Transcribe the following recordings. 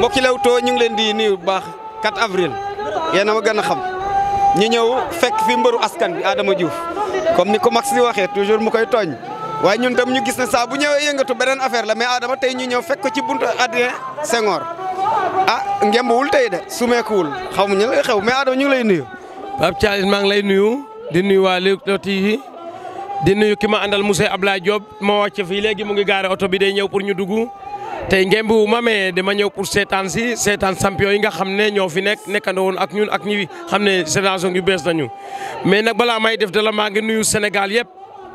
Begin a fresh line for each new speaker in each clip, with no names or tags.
mbokki Leewtoo ñu ngi leen di nuyu bu baax 4 avril yéen a ma gën a xam ñu ñëw fekk fi mbëru askan bi Adama Diouf comme ni ko Max di waxee toujours mu koy tooñ waaye ñun tam ñu gis ne saa bu ñëwee yëngatu beneen affaire la mais Adama tey ñu ñëw fekk ko ci buntu Adrien
Senghor a ah, ngembuwul tey de sumeekuwul xaw ma ñu lay xew mais Adama ñu ngi lay nuyu. Pape Thialis maa ngi lay nuyu di nuyu waa Leewtoo TV di nuyu ki ma andal àndal ab laa Diop moo wàcc fii léegi mu ngi gaare oto bi day ñëw pour ñu dugg. tey ngemb wu ma mais dama ñëw pour seetaan si seetaan champion yi nga xam ne ñoo fi nekk nekkandoo woon ak ñun ak ñi xam ne génération yu bees nañu mais nag balaa may def dala maa ngi nuyu Sénégal yëpp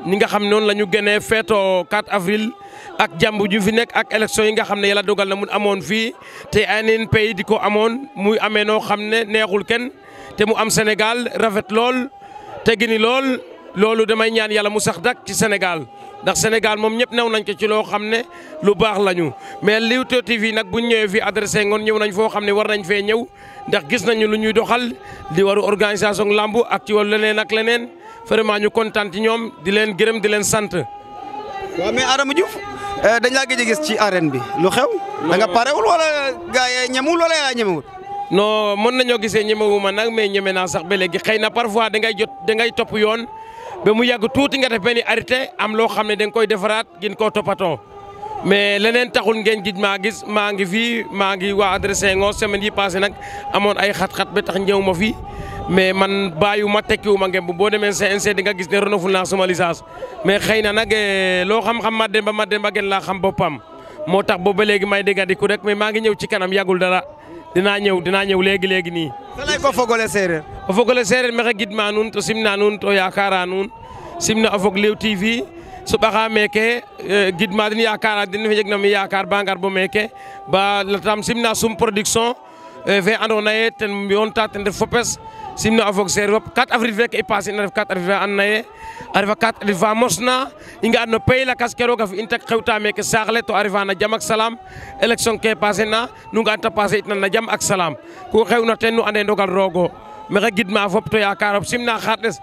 ni nga xam ne noonu la ñu génnee feetoo 4 avril ak jàmb ju fi nekk ak élection yi nga xam ne yàlla dogal na mun amoon fii te yeneen pays di ko amoon muy amee noo xam ne neexul kenn te mu am Sénégal rafet lool tegini lool loolu damay ñaan yàlla mu sax dak ci Sénégal ndax Sénégal moom ñëpp naw nañ ko ci loo xam ne lu baax lañu mais Leewtoo TV nag bu ñu ñëwee fii adressé ngoon ñëw nañ foo xam ne war nañ fee ñew ndax gis nañu lu ñuy doxal di waru organisation lambu ak ci wàllu leneen ak leneen vraiment ñu kontaan ci ñoom di leen gërëm di leen sant.
waaw mais Adama Diouf eh, dañ laa gëj a gis ci arène bi lu xew. da nga parewul wala gaa yi ñemul wala yaa
ñemewut. non mën nañoo gisee ñemewuma nag mais ñeme naa sax be léegi xëy na parfois dangay jot dangay topp yoon. ba mu yàgg tuuti nga def benn arrêté am loo xam ne da koy defaraat gin koo toppatoo mais leneen taxul ngeen gij maa gis maa ngi fii maa ngi waa adressé ngoo semaine yi passé nag amoon ay xat-xat be tax ñëw ma fii mais man bàyyu ma tekkiwu ma ngeen boo demee CNC di nga gis ne renouvelé naa sama licence mais xëy na nag eh, loo xam-xam ma dem ba ma dem ba gën xam boppam moo tax boobu ba léegi may dégg di ku rek mais maa ngi ñëw ci kanam yàggul dara dinaa ñëw dinaa ñëw léegi léegi nii salay ko fogole seereer o fogole seereer maxe gidma nuun to simna nuun to yakara nuun simna a fog Lew TV soɓaxa meeke eh, gidma den yakara den fe jegna mi yakar ba bo meeke ba latam simna sum production fe eh, andoona yee ten mbi'oon ten ref fo simna a fog seereer fop 4 avril feke i passer na ref 4 avril fe andoona yee a refa 4 fa mosna i nga'an no pays lakas roog a fi'in ta xewta meeke saax to a refa na jam ak salaam élection ke passer na nu nga'an ta passer itna na jam ak salaam ku xewna teen nu ande ndogal roog o maxey gidma fop to yakarop simna xarɗes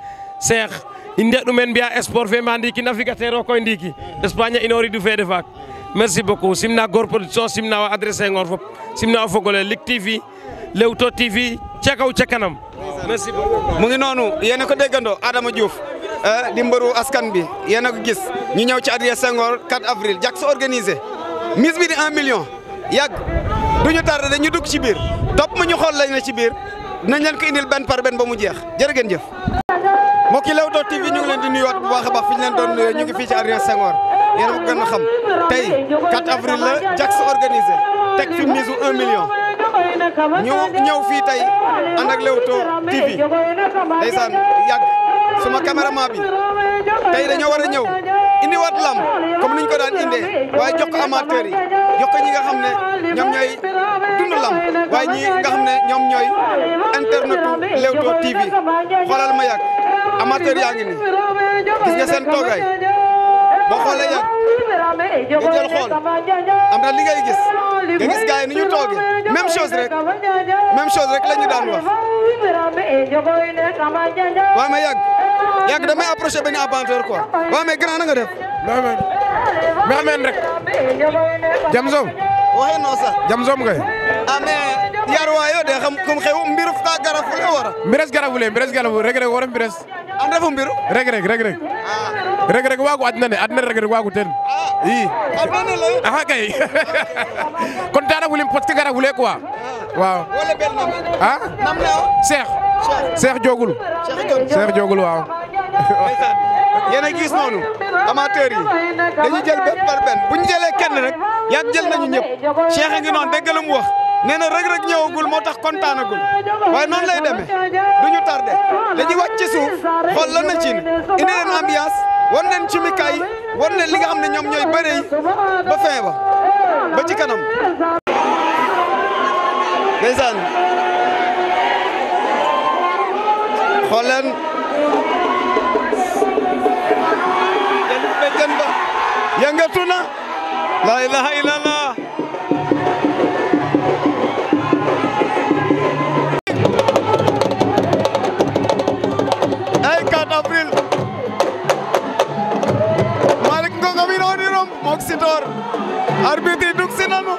Cheikh i nde'u meen mbi'a sport fe mba ndiiki na koy ndiiki Espagne a inoriidu fede faak merci beaucoup simna Ngor Production
merci beaucoup mu ngi noonu yéen ko déggandoo Adama Diouf eh, di mbëru askan bi yéen ko gis ñu ñëw ci Adrien Senghor 4 avril jàk sa organisé mise bi di 1 million yàgg du ñu tardé dañu dugg ci biir topp ma ñu xool lañ na ci biir dinañ leen ko indil benn par benn ba mu jeex jërë ngeen jëf mbokk yi Leewtoo TV ñu ngi leen di nuyuwaat bu baax a leen doon ñu ngi fii ci Adrien Senghor yéen ko gën a xam tey 4 avril la jàk sa organisé teg fi mise u 1 million ñu ñëw fii tey ànd ak Leewtoo TV ndeysaan yàgg suma caméraman bi tey dañoo war a ñëw indiwaat lamb comme niñ ko daan indee wa jox ko amateur yi ñi nga xam ne ñoom ñooy dund lamb waaye ñi nga xam ne ñoom ñooy internetu Leewtoo TV xoolal ma yàgg amateur yaa ngi ni gis nga seen toogaay boo xoolee yàgg nga jël xool am na li ngay gis. te gis gars yi ni ñu toogee même chose rek
même chose rek la ñu daan wax. waaw mais yàgg yàgg damay
approché benn aventeur quoi waaw mais grand a nga def. mais ameen rek. jam soom. waxee noo jam soom kay. ah yar waayo de xam comme xew mbiru fa garafu la war a. mbires garafu la mbires garafu rek rek war a mbires. am na rek rek rek rek. Reug Reug waagu adna
ne adna Reug Reug waagu ten i axa kay kontaan fulim parce que gara fule quoi waaw
wala ben nam a nam ne o
Cheikh Cheikh Diogul Cheikh Diogul waaw
yéen a gis noonu amateur yi dañuy jël benn par benn bu ñu jëlee kenn rek yàgg jël nañu ñëpp Cheikh a ngi noonu dégg la mu wax nee na Reug Reug ñëwagul moo tax kontaanagul waaye noonu lay demee du ñu tardé dañuy wàcc ci suuf xool lan la ci indi leen ambiance. war leen ci mikaay war leen li nga xam ne ñoom ñooy bëre ba fin ba ba ci kanam ndeysaan xool leen jël bëjjën ba yëngatu na la ilaha illallah door arbitre yi dugg si nanu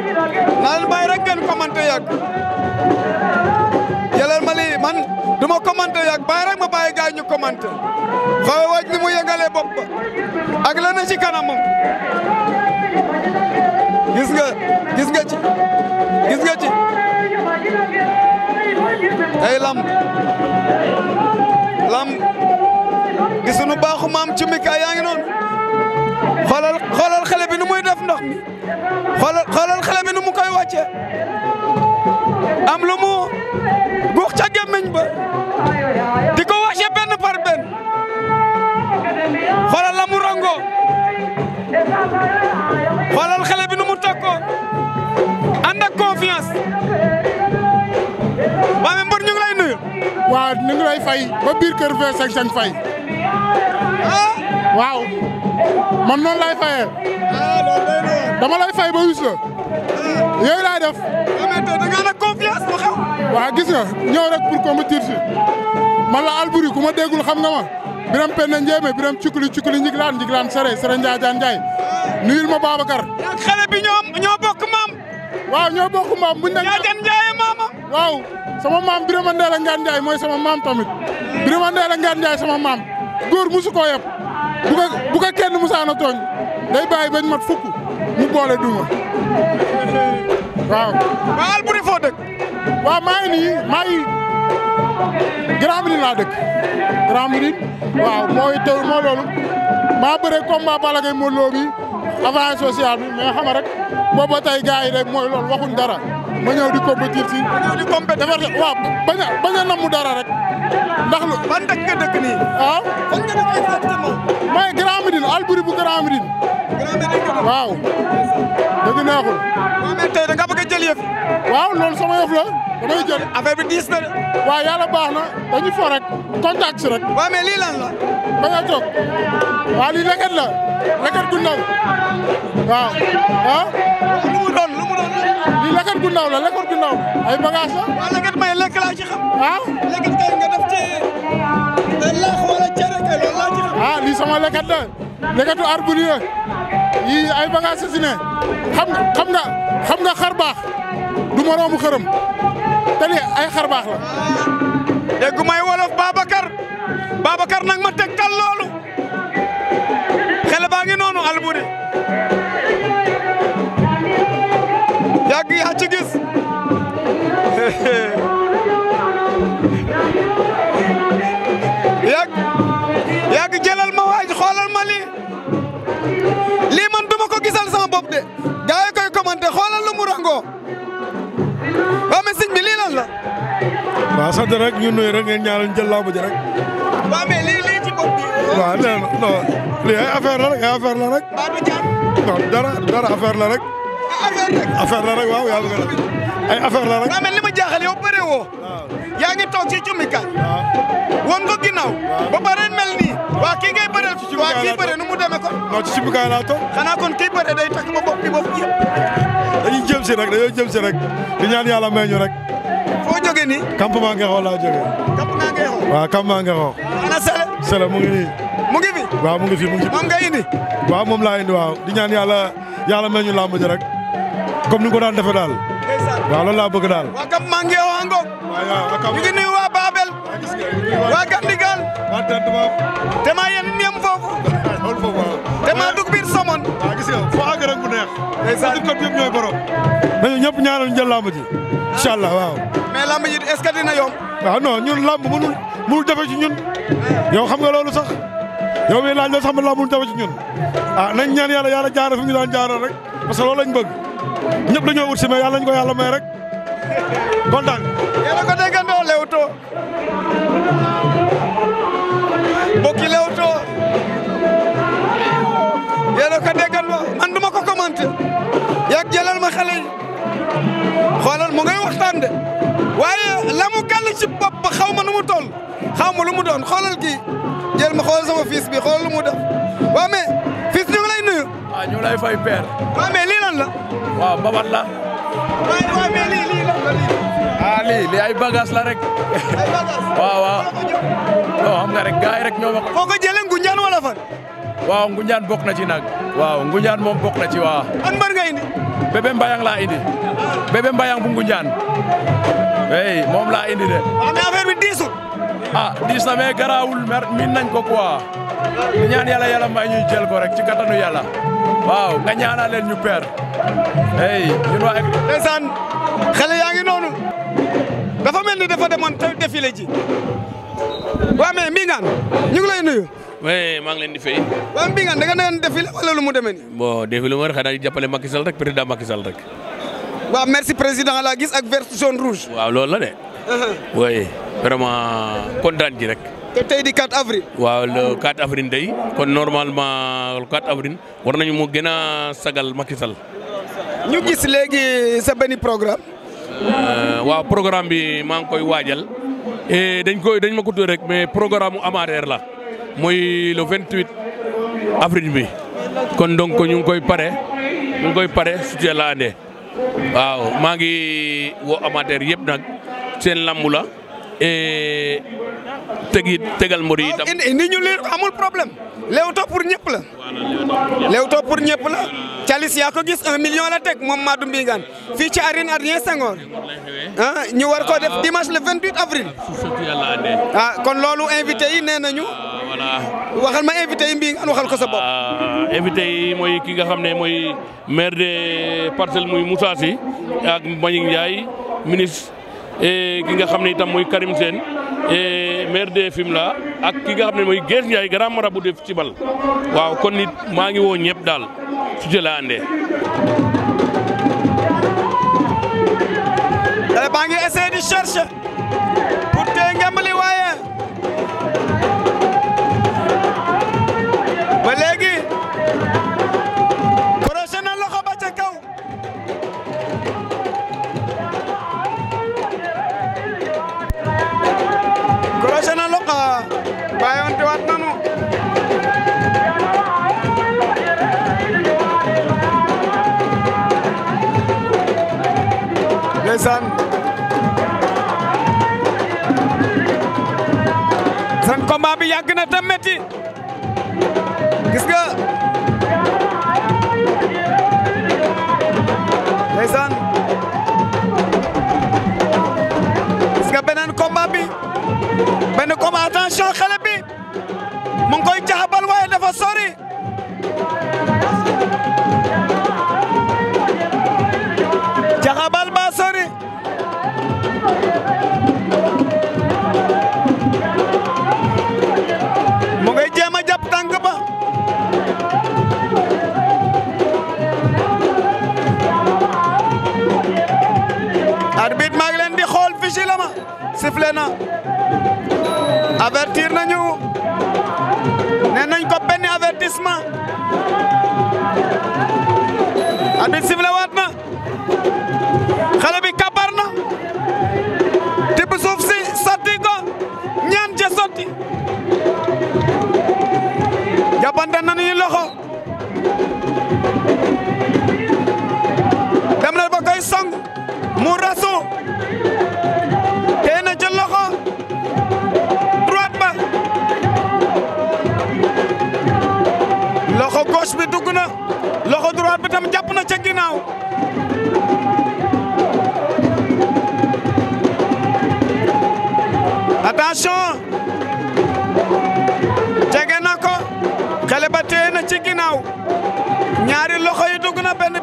naa leen bàyyi rek ngeen commenté yàgg jëlal ma man du ma commenté yàgg ma bàyyi gars ñu commenté xawe ni mu yëngalee bopp ba ak ci kanamam gis nga gis nga ci gis nga ci tey lamb lamb di sunu baaxu maam ci mika yaa ngi noonu ndox mi xoolal xoolal nu mu koy wàcce am lu mu guux ca gémmiñ ba di ko wàcce benn par benn xoolal la mu rongoo xoolal xale nu mu takkoo
ànd ak confiance waa mais ñu ngi lay nuyu waaw ñu fay ba biir kër V55 fay ah. waaw man noonu lay fayee. Ah, dama lay fay ba wis la. Ah. yooyu laay def. Ah, da nga nag confiance bu xew. waaw gis nga ñëw rek pour combattre man la Alboury ku ma déggul xam nga ma. biram penna njéeme biram cukuli cukuli njiglaan njiglaan sere sere njaajaan njaay. nuyul ma Babacar. ak xale bi ñoom ñoo bokk maam. waaw ñoo bokk maam buñ maama. waaw sama maam Birama Ndeela Ngaan Njaay mooy sama maam tamit. Birama Ndeela Ngaan Njaay sama maam. góor musu koo bu ko bu ko kenn musaana tooñ day bàyyi mat fukk mu boole duma waaw. waaw Albouri foo dëkk. waaw maa ngi nii maa laa dëkk Grand waaw mooy tew moo loolu maa bëre combat Balla Gaye Modou Lô bi avance sociale bi rek booba waxuñ dara. ma ñëw di compétir si. ma ñëw di compétir dafa waaw bañ a bañ a namm dara rek ndax lu. ban dëkk nga dëkk nii. waaw. Ah? fan nga dëkk exactement. mooy Grand Médine Albury bu Grand Médine. waaw. dëgg neexul. waaw mais tey da nga bëgg a jël yëf. waaw loolu sama yëf la damay jël. affaire bi diis na de. waaw fo rek contact rek. waaw mais lii lii leket la leket gu waaw ah. lii leket gu la leket gu ay bagage la. leket may leket kay ci laax wala lii sama leket la. legetu arbourieux yi ay bagage si xam xam nga xam nga xar du moroomu xërëm te ay xar la. déggu may wolof Babacar Babacar nag ma tegtal
xel baa noonu Albouri yàgg yaa ci dama ko gisal sama bopp de gars koy commenté xoolal lu mu rangoo waaw mais sëñ bi lii la.
waaw sant rek ñu nuyu rek ngeen ñaanal jël laabu ji rek. waaw mais lii lii ci bopp bi. waaw nee lii ay affaire la rek ay affaire la rek. waaw la rek. affaire rek affaire rek ay affaire la rek. waaw mais li ma jaaxal yow bëree woo. yaa ngi
toog ci cumikaay woon nga ginnaaw ba pare mel nii waa kii ngay bëreel waa kii bëre nu mu demee kon non ci cumikaay laa toog xanaa kon kii bëre day takk ba bopp bi bopp yëpp
dañuy jëm si rek dañoo jëm si rek di ñaan yàlla may ñu rek foo jógee nii campement Ngexoo laa jógee campement Ngexoo waaw campement Ngexoo mu ngi nii mu ngi fi waaw mu ngi fi mu moom nga indi di ñaan yàlla yàlla may ñu làmb ji rek comme ko daan defee daal waaw
loolu ñu ngi nuyu waa Babel waa Gandigal te maa yéen ñeem foofu
te maa dugg biir Somone. waaw gis nga foo àgg rek mu neex. ndeysaan kon ñëpp ñooy borom. nañu ñëpp ñaanal ñu jël lamb ji incha allah waaw. mais lamb ji est-ce que dina yomb. waaw non ñun lamb mënul mënul defe ñun yow xam nga loolu sax yow mii laaj la sax ma lamb mënul defe ci ñun ah nañ ñaan yàlla yàlla jaara fi ñu daan jaaral rek parce que loolu lañ bëgg ñëpp wut si mais yàlla nañ ko yàlla may rek. kontaan
yéen a ko déggandoo Leewtoo mbokki Leewtoo yéen a man duma ko yak jëlal ma xale xoolal mu ngay waxtaan de waaye la mu gàll ci bopp xaw ma nu mu toll xaw ma xoolal kii jël bi xool mu def waaw mais fils nuyu.
waaw ah, ñu fay père.
waaw mais la.
waaw babat la. ah lii lii ay bagage la rekk ay bagage waaw xam nga rek gars yi rek ñoo ma ko. foo ko jëlee Ngunjaan wala fan. waaw bokk na ci nag. waaw Ngunjaan moom bokk na ci waaw. an mbër nga indi. bébé Mbayang laa indi. bébé Mbayang bu Ngunjaan. hey moom laa indi de. waaw ah, mais affaire bi diisul. ah diis na mais garaawul mer miin nañ ko quoi. di ñaan yàlla
yàlla may ñuy ko rek ci kattanu yàlla. waaw nga ñaanal leen ñu père. hey ñun waa ndeysaan xale yaa ngi noonu dafa mel ni dafa demoon te défilé ji waa mais Mbingane ñu lay nuyu.
oui maa ngi leen di fay.
waaw Mbingane da nga doon défilé lu mu demee nii.
bon défilé ma xanaa di jàppale makisal Sall rek président Macky rek.
waaw merci président la gis ak vert jaune rouge.
waaw loolu la de.
Uh-huh.
oui vraiment kontaan ji rek. te tey di 4 avril. waa le 4 avril day kon normalement le 4 avril war nañu mu gën a sagal makisal
ñu gis léegi sa benn programme.
Euh, waaw programme bi maa ngi koy waajal dañ koy dañ ma ko tudd rek mais programme mu amateur la mooy le 28 avril bi kon donc ñu ngi koy pare ñu ngi koy pare suñu la waaw maa ngi woo amateur yëpp nag seen lambu la. E tegi tegal mbër yi itam.
ni ñu leer amul problème Leewtoo pour ñëpp la. Leewtoo pour ñëpp la. Calis yaa ko gis un million la teg moom maadu Mbingane fii ci arène Adrien Senghor
ah, ñu war koo def dimanche
le 28 avril. ah kon loolu invité yi nee nañu. waxal ma invité yi Mbingane
waxal ko sa bopp. Ah, invité yi mooy ki nga xam ne mooy maire de parcelle muy Moussa Sy ak Mbagnick Ndiaye ministre. E ki nga xam ne itam mooy Karim Sène e maire de Fimela ak ki nga xam ne mooy Guèye Ndiaye grand marabout de Fibal waaw kon nit maa ngi woo ñëpp daal su jëla andee.
baa ngi essayer di chercher. ndeysaan seen combat bi yàgg na te gis nga sifflé na avertir nañu nee nañ ko benn avertissement arbitre sifflé waat na xale bi kabar na tibb suuf si sotti ko ñaan ca sotti jàppante nañu loxo dem na ba koy song mu rasu attention jege na ko xale ba na ci ginnaaw ñaari loxo yi na benn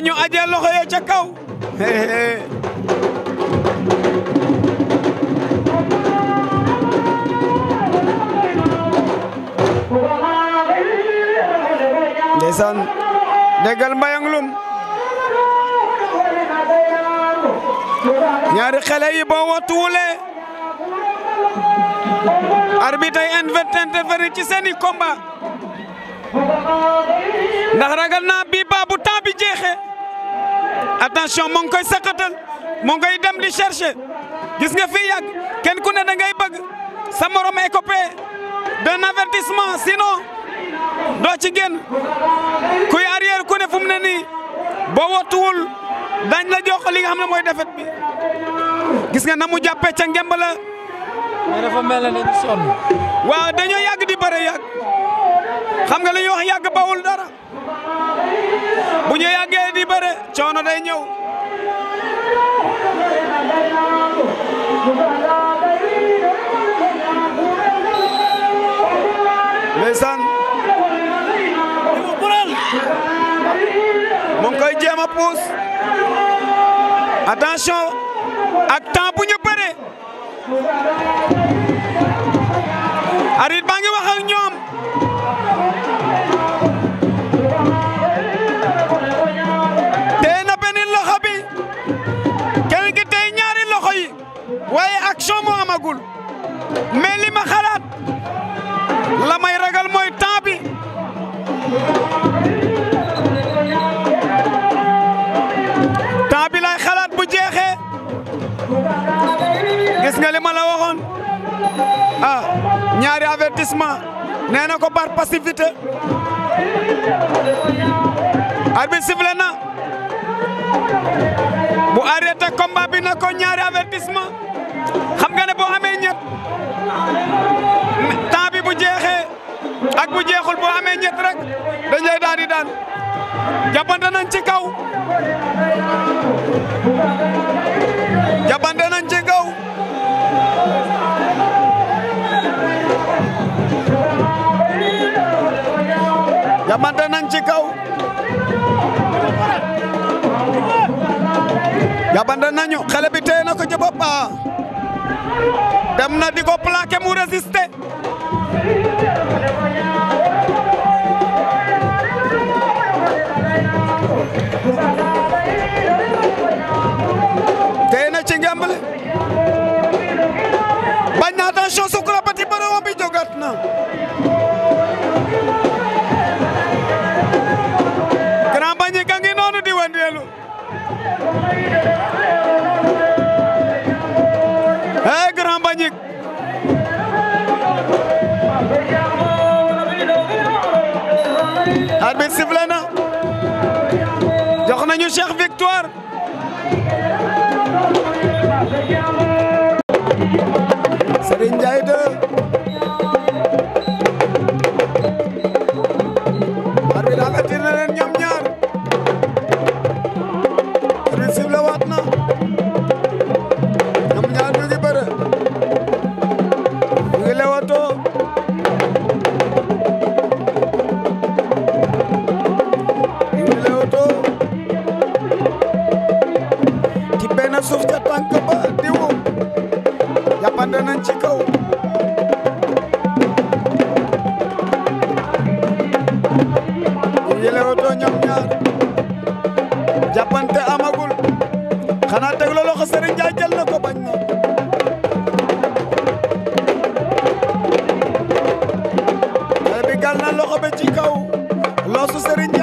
nañu aje loxo ya ca kaw ndeysaan déggal mbayang lum ñaari xale yi boo wattuwule arbitre yi intervenir ci seeni combat ndax ragal naa attention moo koy saqatal moo ngi koy dem di chercher gis nga fii yàgg kenn ku ne da bëgg sa morom écopé d'un avertissement sinon doo ci génn kuy arrière ku ne fu mu ne nii boo wottuwul dañ la jox li xam ne mooy defet bi gis nga na mu jàppee ca ngembala la. mais dafa mel ne dañu sonn. waaw yàgg di bëre yàgg xam nga la ñuy wax yàgg bawul dara. bëre coono day ñëw ndeysaan mu ngi koy a puus attention ak temps ñu bëre arbitre baa ngi wax ak mais ma xalaat la may ragal mooy temps bi lay xalaat bu jeexee gis nga li ma la waxoon a ah, ñaari avertissement nee na ko par passivité arbitre sifflé na bu arrêté combat bi na ko ñaari avertissement ak bu jeexul boo amee ñett rek dañ lay daal di nañ ci kaw jàppante nañ ci kaw jàppante nañ ci kaw jàppante nañu xale bi téye ko ci boppam dem na di ko mu résisté na Grand Mbagnick a ngi noonu di wëndeelu hey Grand Mbagnick arbitre sifflé na jox nañu Cheikh teg la loxo Serigne Ndiaye jël na ko na xale na loxo ba ci kaw loosu Serigne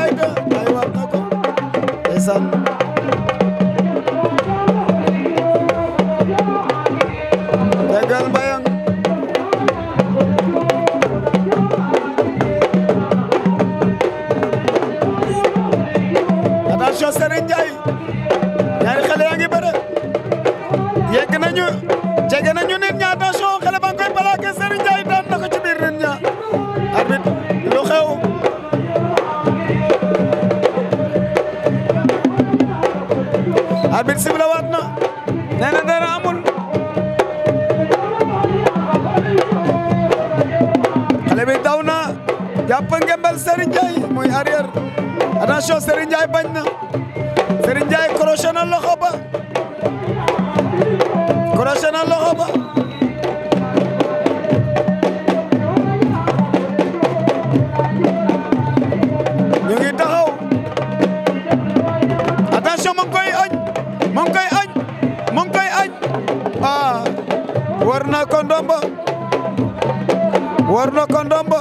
ndombo na ko ndombo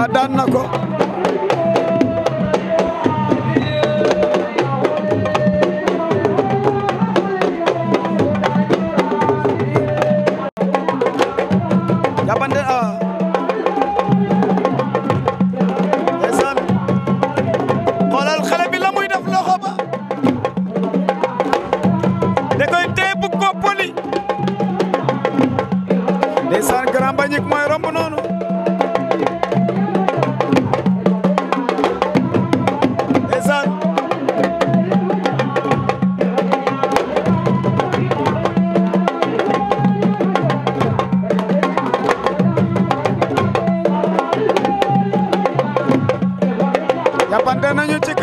a daan na ko sant nañu ci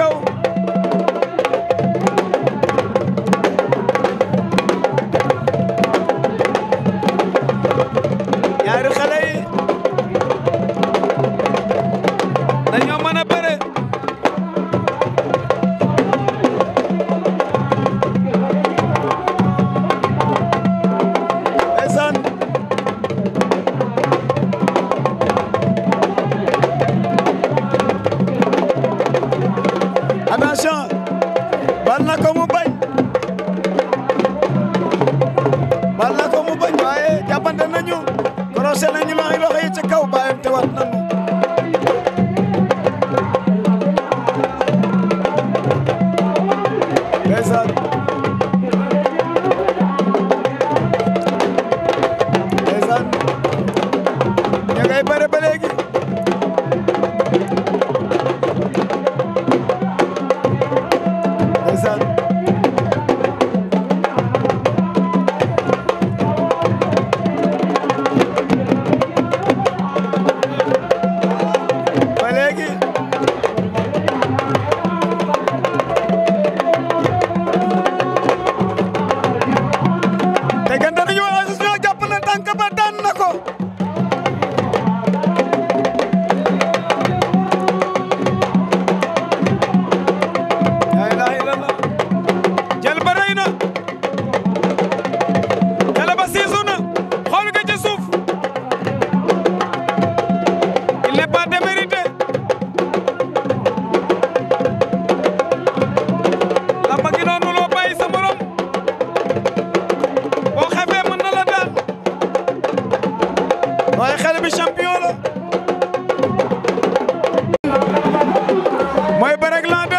rek la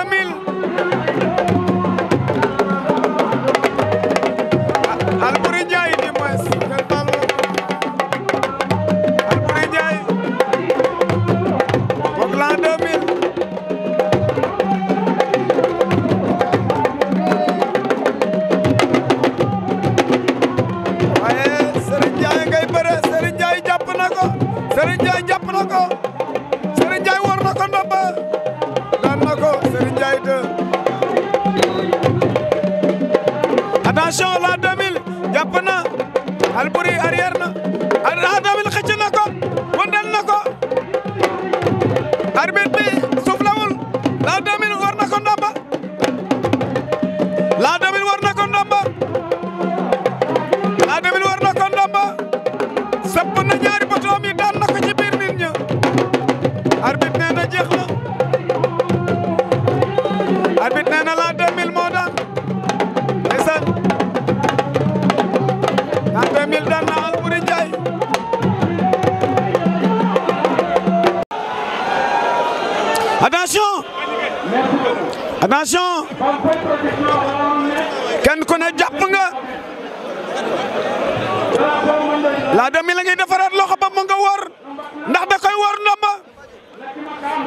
attention kenn ku ne jàpp nga Lac 2000 la ngi defaraat loxo ba mu nga wor ndax da koy wor ndomba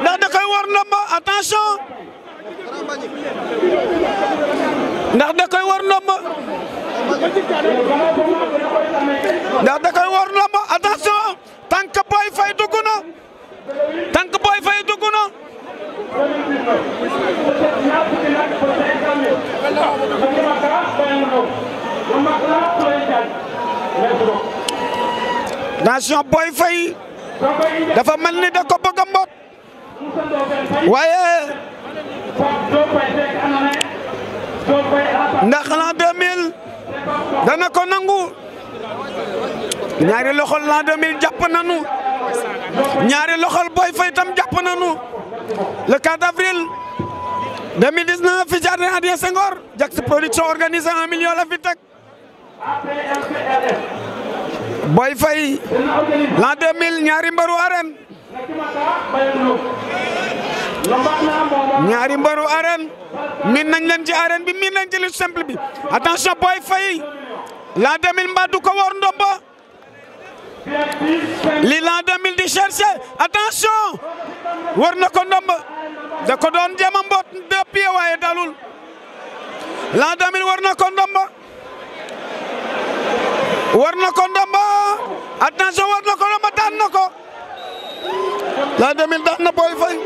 ndax da koy wor ndomba attention ndax da koy wor ndomba ndax da koy wor ndomba attention tànk booy fay dugg na tànk booy fay dugg na 2019 peut-être ñaar dafa mel ni da ko bëgg mbot. waaye. ndax l'an 2000 dana ko nangu. ñaari loxol l'an 2000 jàpp nañu. ñaari loxol Boy Faye tam jàpp nañu. le 4 avril 2019 fi jardin Adrien Senghor Jax production organisé un million la fi Boy Faye l'an 2000 ñaari mbaru arène ñaari mbaru arène miin nañ leen ci arène bi miin nañ ci lu simple bi attention Boy Faye l'an 2000 mbaa du ko wor ndomba Lilan 2000 di chercher attention war na ko damba da ko doon jéem a mboot depuis dalul L'an 2000 war na ko ndomb war na ko ndomb attention war na ko ndomb daan na ko L'an 2000 daan na Boy Faye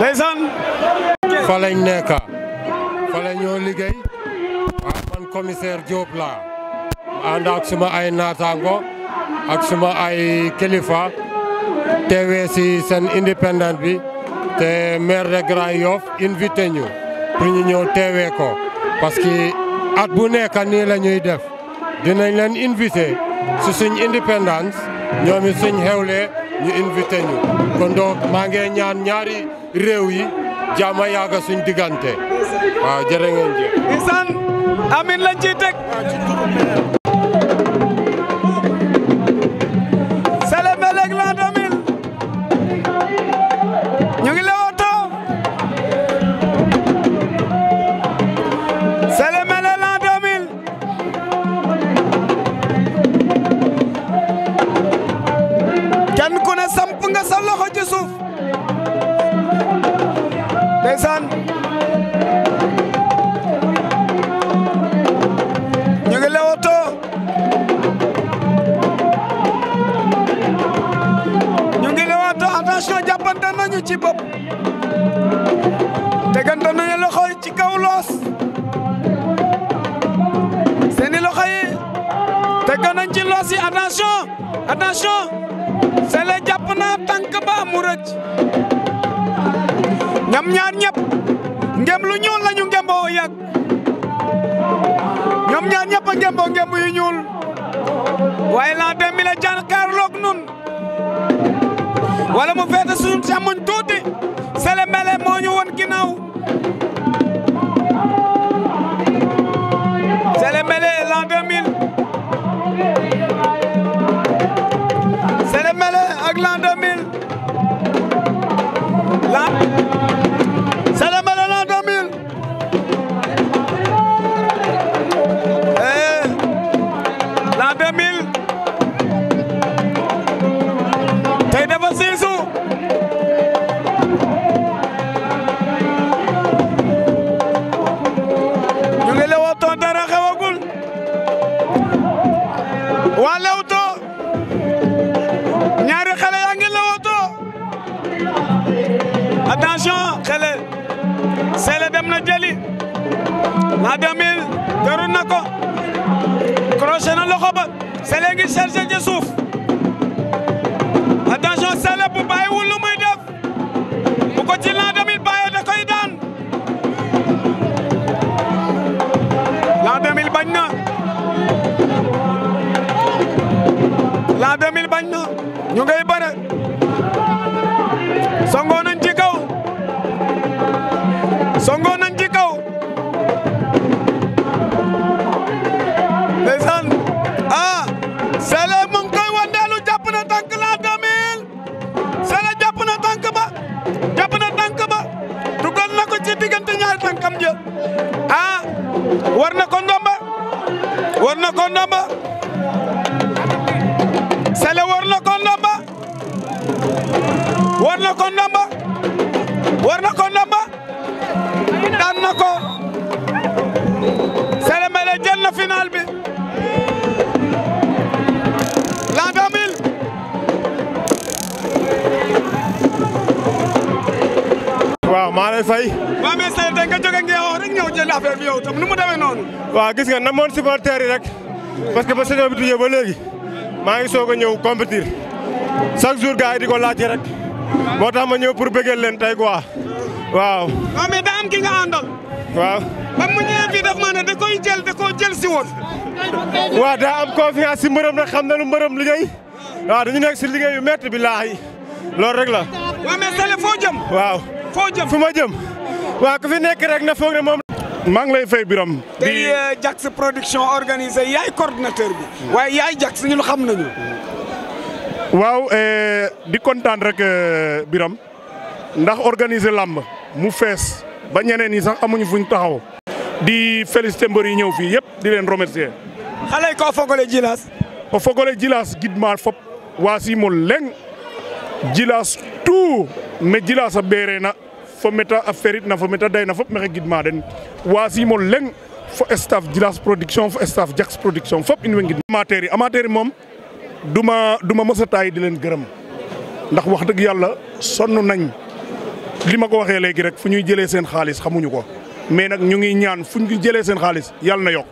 ndeysaan fa lañ nekk commissaire Diop laa ànd ak suma ay naataango ak suma ay kilifa teewee si seen indépendant bi te maire de Grand Yoff invité ñu ñu ñëw teewee ko parce que at bu nekk nii la ñuy def dinañ leen invité su suñ indépendance ñoom it suñ xewle ñu invité ñu maa ngi ñaan ñaari réew yi jàmm yàgg suñ diggante waaw jërë ngeen jëf amin lañ ciy teg
ci los yi attention attention Sélé jàpp na tànk mu rëcc ñam ñaar ñëpp ngem lu ñuul lañu ngemboo yàgg ñoom ñaar ñëpp ngemboo ngemb yu ñuul waaye la dem bi la nun wala mu feete suñu càmmoñ tuuti war na ko ndomba war na ko ndomba Sélé war na ko ndomba war na ko ndomba war na ko ndomba daan na ko Sélé Mellé jël na bi
waaw maa lay fay.
waaw mais Seye tey nga jóge Ngéhoo rek ñëw jël affaire bi yow tam nu mu demee noonu.
waaw gis nga namoon supporter yi rek parce que ba saison bi tijjee ba léegi maa ngi soog a ñëw compétir chaque jour gars di ko laaj rek moo tax ma ñëw pour bëggeel leen tay quoi waaw. waaw mais
daa am ki nga àndal. waaw. ba mu ñëwee fii daf maa ne jël da koo jël si woon. waaw
daa am confiance si mbërëm nag xam na lu mbërëm liggéey waaw dañu nekk si liggéey yu bi laax yi loolu rek la. foo jëm fu ma jëm waaw ku fi nekk rek na foog ne moom. maa ngi lay fay biram tey eh, Jax production organisé yaay coordinateur bi. Hmm. waaye yaay Jax ñun xam nañu. waaw eh, di kontaan rek eh, biram ndax organiser làmb mu fees ba ñeneen ñi sax amuñu fuñ taxaw. di félicité mbër yi ñëw fii yëpp di leen remercier. xale yi ko o fogole Djilass. o fogole fop waa simol leng Djilass tout me jilasa ɓerena fo meta a feritna fo meta dayna fop maxey gidma den waasimo leŋ fo staff Djilass production fo staff Diaks production fop in way ngid amateur yi moom duma duma a di leen gërëm ndax wax dëgg yàlla sonn nañ li ma ko waxee léegi rek fu ñuy jëlee seen xaalis xamuñu ko mais nag ñu ngi ñaan fu ñu jëlee seen xaalis yàlla na yokk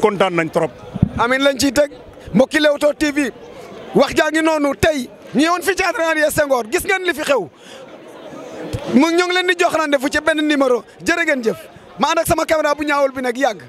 kontaan nañ trop. amiin lañ ciy teg mbokki Leewtoo TV wax jaa noonu tey ñu ñëwoon fii ci
Adrien Adrien Senghor gis ngeen li fi xew mu ñu leen di jox rendez-vous ci benn numéro jërë ngeen jëf ma ànd ak sama caméra bu ñaawul bi nag yàgg.